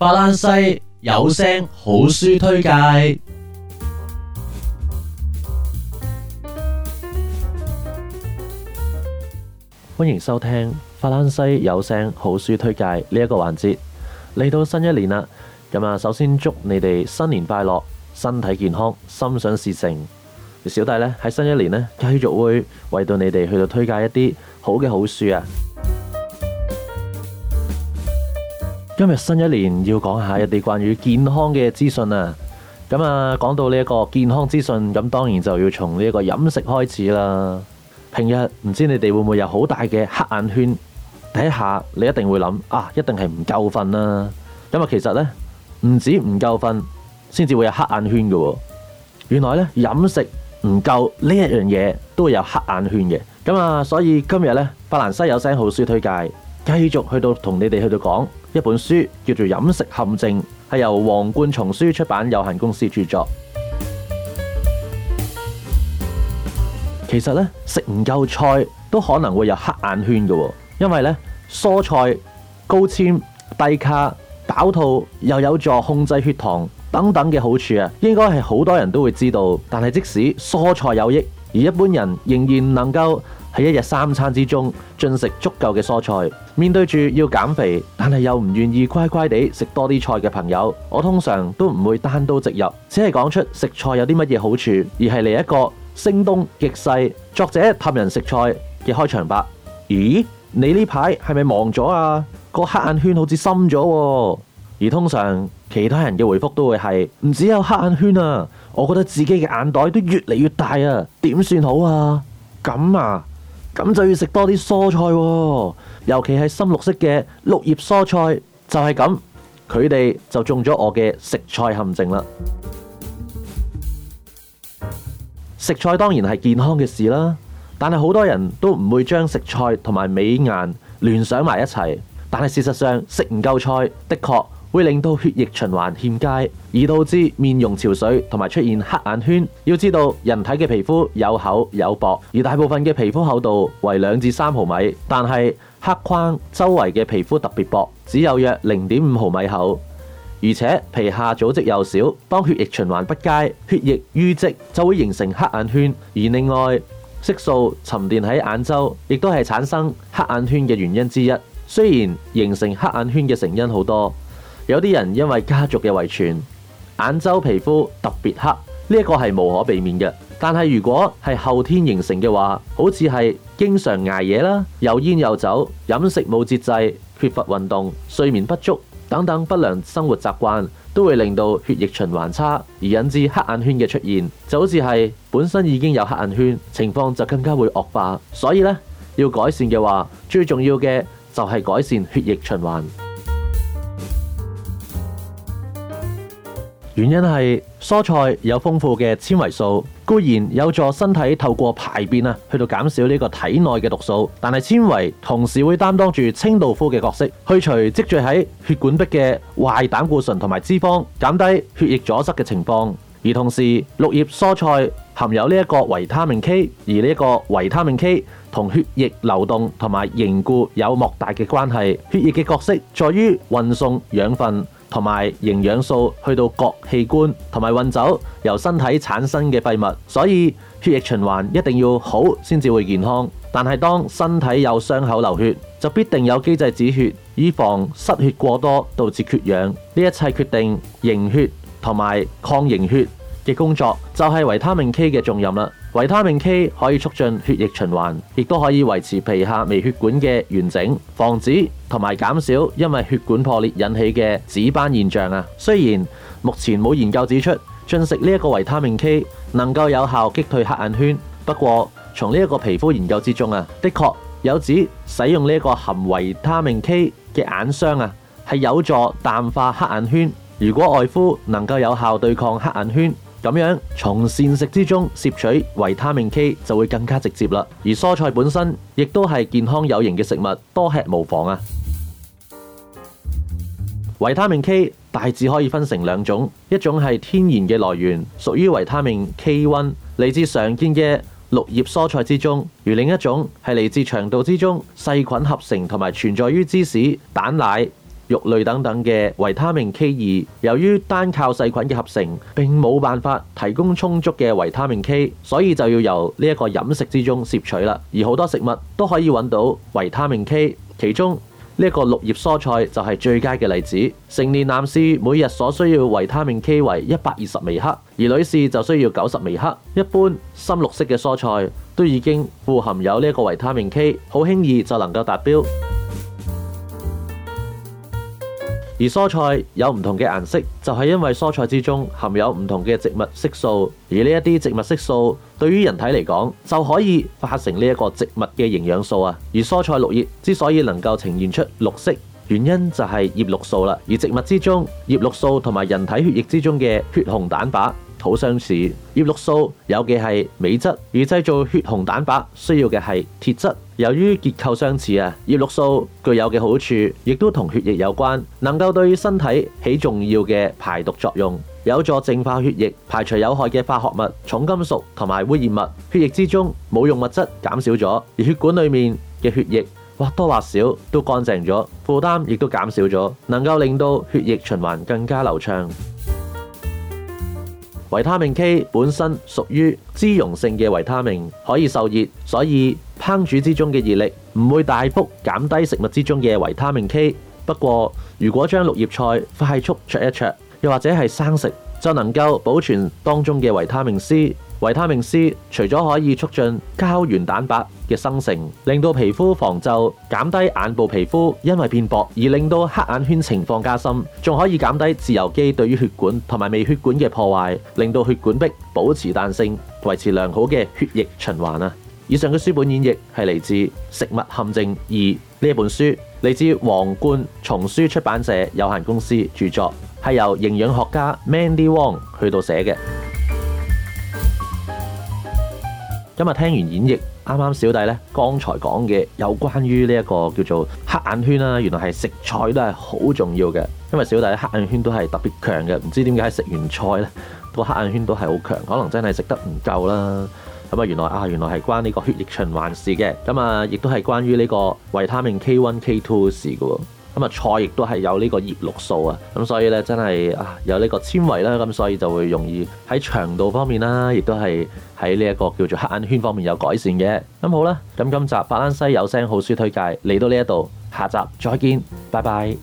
法蘭西有聲好書推介，歡迎收聽法蘭西有聲好書推介呢一個環節。嚟到新一年啦，咁啊，首先祝你哋新年快樂，身體健康，心想事成。小弟呢，喺新一年呢，繼續會為到你哋去到推介一啲好嘅好書啊！今日新一年要講下一啲關於健康嘅資訊啊。咁啊，講到呢一個健康資訊，咁當然就要從呢一個飲食開始啦。平日唔知你哋會唔會有好大嘅黑眼圈？第一下你一定會諗啊，一定係唔夠瞓啦。咁啊，其實呢，唔止唔夠瞓先至會有黑眼圈嘅喎。原來呢，飲食唔夠呢一樣嘢都會有黑眼圈嘅。咁啊，所以今日呢，法蘭西有聲好書推介繼續去到同你哋去到講。一本書叫做《飲食陷阱》，係由皇冠叢書出版有限公司著作。其實呢，食唔夠菜都可能會有黑眼圈㗎喎，因為呢蔬菜高纖低卡、飽肚，又有助控制血糖等等嘅好處啊，應該係好多人都會知道。但係即使蔬菜有益，而一般人仍然能夠喺一日三餐之中進食足夠嘅蔬菜。面對住要減肥，但係又唔願意乖乖地食多啲菜嘅朋友，我通常都唔會單刀直入，只係講出食菜有啲乜嘢好處，而係嚟一個聲東擊西，作者氹人食菜嘅開場白。咦？你呢排係咪忙咗啊？個黑眼圈好似深咗喎。而通常。其他人嘅回覆都會係唔只有黑眼圈啊，我覺得自己嘅眼袋都越嚟越大啊，點算好啊？咁啊，咁就要食多啲蔬菜啊，尤其係深綠色嘅綠葉蔬菜，就係咁，佢哋就中咗我嘅食菜陷阱啦。食菜當然係健康嘅事啦，但係好多人都唔會將食菜同埋美顏聯想埋一齊，但係事實上食唔夠菜，的確。會令到血液循環欠佳，而導致面容潮水同埋出現黑眼圈。要知道，人體嘅皮膚有厚有薄，而大部分嘅皮膚厚度為兩至三毫米，但係黑框周圍嘅皮膚特別薄，只有約零點五毫米厚，而且皮下組織又少，當血液循環不佳，血液淤積就會形成黑眼圈。而另外，色素沉澱喺眼周，亦都係產生黑眼圈嘅原因之一。雖然形成黑眼圈嘅成因好多。有啲人因為家族嘅遺傳，眼周皮膚特別黑，呢一個係無可避免嘅。但係如果係後天形成嘅話，好似係經常捱夜啦，又煙又酒，飲食冇節制，缺乏運動，睡眠不足等等不良生活習慣，都會令到血液循環差，而引致黑眼圈嘅出現。就好似係本身已經有黑眼圈，情況就更加會惡化。所以呢，要改善嘅話，最重要嘅就係改善血液循環。原因係蔬菜有豐富嘅纖維素，固然有助身體透過排便啊，去到減少呢個體內嘅毒素。但係纖維同時會擔當住清道夫嘅角色，去除積聚喺血管壁嘅壞膽固醇同埋脂肪，減低血液阻塞嘅情況。而同時，綠葉蔬菜含有呢一個維他命 K，而呢一個維他命 K 同血液流動同埋凝固有莫大嘅關係。血液嘅角色在於運送養分。同埋營養素去到各器官同埋運走，由身體產生嘅廢物，所以血液循環一定要好先至會健康。但係當身體有傷口流血，就必定有機制止血，以防失血過多導致缺氧。呢一切決定凝血同埋抗凝血嘅工作，就係維他命 K 嘅重任啦。維他命 K 可以促進血液循環，亦都可以維持皮下微血管嘅完整，防止同埋減少因為血管破裂引起嘅紫斑現象啊。雖然目前冇研究指出進食呢一個維他命 K 能夠有效擊退黑眼圈，不過從呢一個皮膚研究之中啊，的確有指使用呢一個含維他命 K 嘅眼霜啊，係有助淡化黑眼圈。如果外敷能夠有效對抗黑眼圈。咁樣從膳食之中攝取維他命 K 就會更加直接啦，而蔬菜本身亦都係健康有型嘅食物，多吃無妨啊！維他命 K 大致可以分成兩種，一種係天然嘅來源，屬於維他命 K1，嚟自常見嘅綠葉蔬菜之中；而另一種係嚟自腸道之中細菌合成同埋存在於芝士、蛋奶。肉類等等嘅維他命 K 二，由於單靠細菌嘅合成，并冇辦法提供充足嘅維他命 K，所以就要由呢一個飲食之中攝取啦。而好多食物都可以揾到維他命 K，其中呢一個綠葉蔬菜就係最佳嘅例子。成年男士每日所需要維他命 K 為一百二十微克，而女士就需要九十微克。一般深綠色嘅蔬菜都已經富含有呢一個維他命 K，好輕易就能夠達標。而蔬菜有唔同嘅顏色，就係因為蔬菜之中含有唔同嘅植物色素。而呢一啲植物色素對於人體嚟講，就可以化成呢一個植物嘅營養素啊。而蔬菜綠葉之所以能夠呈現出綠色，原因就係葉綠素啦。而植物之中葉綠素同埋人體血液之中嘅血紅蛋白，土相似，葉綠素有嘅係鎂質，而製造血紅蛋白需要嘅係鐵質。由於結構相似啊，葉綠素具有嘅好處亦都同血液有關，能夠對身體起重要嘅排毒作用，有助淨化血液，排除有害嘅化學物、重金屬同埋污染物。血液之中冇用物質減少咗，而血管裡面嘅血液或多或少都乾淨咗，負擔亦都減少咗，能夠令到血液循環更加流暢。維他命 K 本身屬於脂溶性嘅維他命，可以受熱，所以烹煮之中嘅熱力唔會大幅減低食物之中嘅維他命 K。不過，如果將綠葉菜快速焯一焯，又或者係生食，就能夠保存當中嘅維他命 C。維他命 C 除咗可以促進膠原蛋白。嘅生成令到皮膚防皺，減低眼部皮膚因為變薄而令到黑眼圈情況加深，仲可以減低自由基對於血管同埋微血管嘅破壞，令到血管壁保持彈性，維持良好嘅血液循環啊！以上嘅書本演繹係嚟自《食物陷阱二》呢本書，嚟自皇冠叢書出版社有限公司著作，係由營養學家 Mandy Wong 去到寫嘅。今日聽完演繹。啱啱小弟呢，剛才講嘅有關於呢一個叫做黑眼圈啦，啊，原來係食菜都係好重要嘅，因為小弟黑眼圈都係特別強嘅，唔知點解食完菜呢個黑眼圈都係好強，可能真係食得唔夠啦。咁啊，原來啊，原來係關呢個血液循環事嘅，咁啊亦都係關於呢個維他命 K1、哦、K2 事嘅喎。咁啊菜亦都係有呢個葉綠素啊，咁所以呢真係啊有呢個纖維啦，咁所以就會容易喺腸道方面啦，亦都係喺呢一個叫做黑眼圈方面有改善嘅。咁好啦，咁今集法蘭西有聲好書推介嚟到呢一度，下集再見，拜拜。